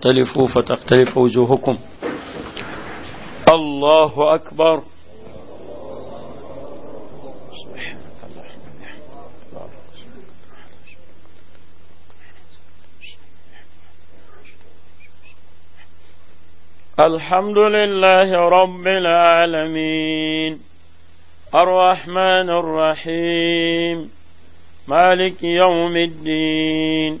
تختلفوا فتختلف وجوهكم الله أكبر الحمد لله رب العالمين الرحمن الرحيم مالك يوم الدين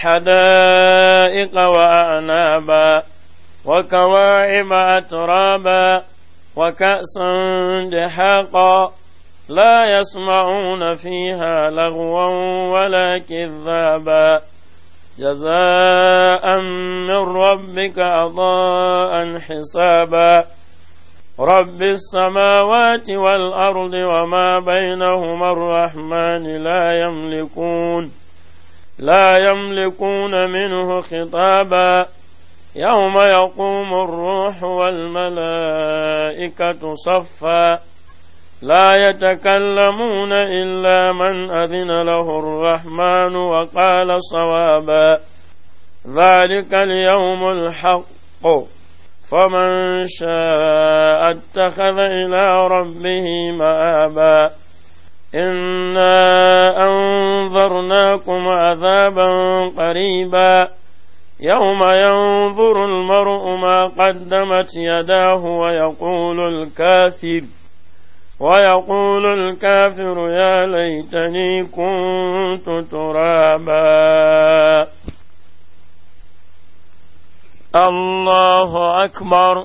حدائق وأعنابا وكواعب أترابا وكأسا دحاقا لا يسمعون فيها لغوا ولا كذابا جزاء من ربك عطاء حسابا رب السماوات والأرض وما بينهما الرحمن لا يملكون لا يملكون منه خطابا يوم يقوم الروح والملائكة صفا لا يتكلمون إلا من أذن له الرحمن وقال صوابا ذلك اليوم الحق فمن شاء اتخذ إلى ربه مآبا إنا أنذرناكم عذابا قريبا يوم ينظر المرء ما قدمت يداه ويقول الكافر ويقول الكافر يا ليتني كنت ترابا الله أكبر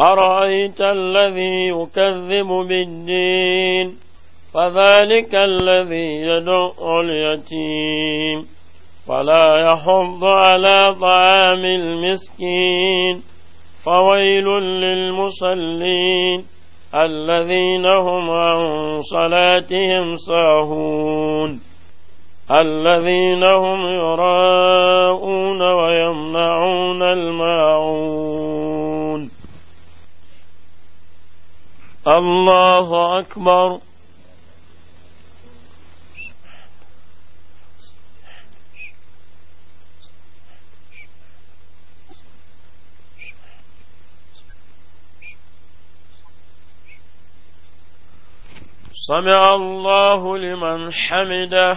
أرأيت الذي يكذب بالدين فذلك الذي يدعو اليتيم ولا يحض على طعام المسكين فويل للمصلين الذين هم عن صلاتهم ساهون الذين هم يراءون ويمنعون الماعون الله أكبر سمع الله لمن حمده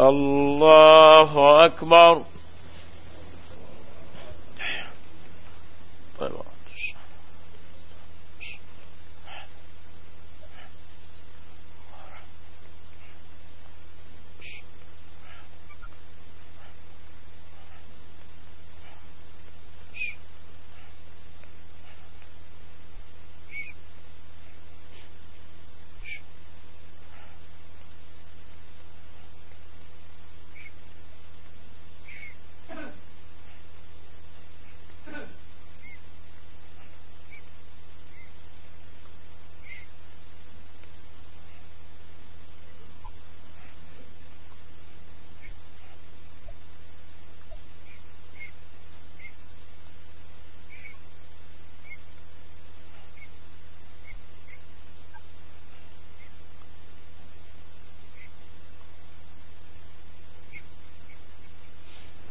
الله أكبر